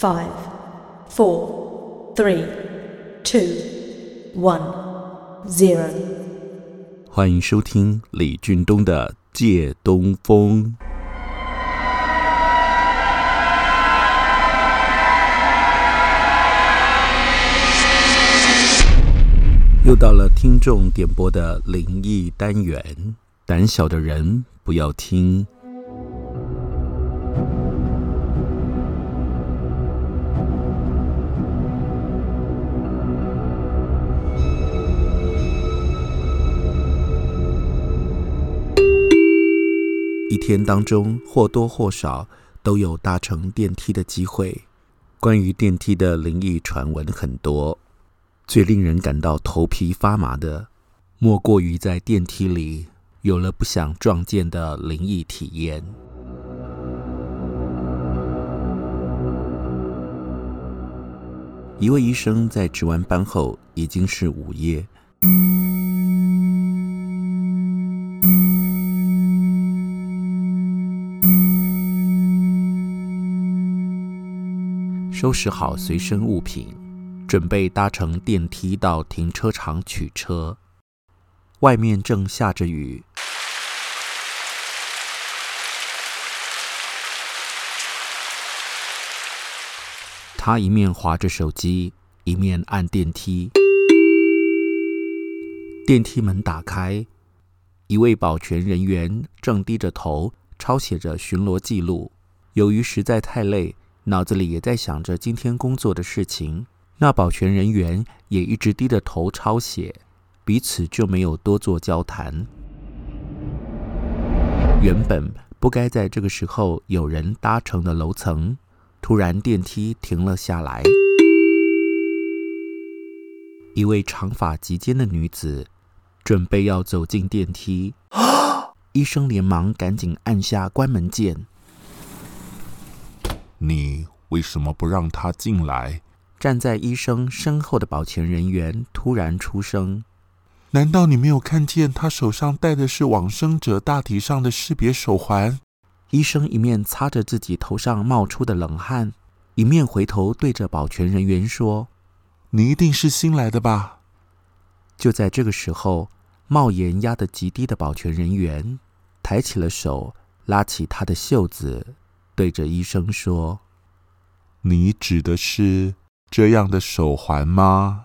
Five, four, three, two, one, zero。歡迎收聽李俊東的《借東風》。又到了聽眾點播的靈異單元，膽小的人不要聽。一天當中或多或少都有搭乘電梯的機會，關於電梯的靈異傳聞很多，最令人感到頭皮發麻的，莫過於在電梯裡有了不想撞見的靈異體驗。一位醫生在值完班後已經是午夜。收拾好隨身物品，準備搭乘電梯到停車場取車。外面正下着雨，他一面滑着手機，一面按電梯。電梯門打開，一位保全人員正低着頭抄寫着巡邏記錄。由於實在太累。腦子裡也在想着今天工作的事情，那保全人員也一直低着頭抄寫，彼此就沒有多做交談。原本不該在這個時候有人搭乘的樓層，突然電梯停了下來。一位長髮及肩的女子準備要走進電梯，啊，醫生連忙趕緊按下關門鍵。你為什麼不讓他進來？站在醫生身後的保全人員突然出聲：“難道你沒有看見他手上戴的是往生者大體上的識別手環？”醫生一面擦着自己頭上冒出的冷汗，一面回頭對着保全人員說：“你一定是新來的吧？”就在這個時候，帽檐壓得極低的保全人員抬起了手，拉起他的袖子。對着醫生說：“你指的是這樣的手環嗎？”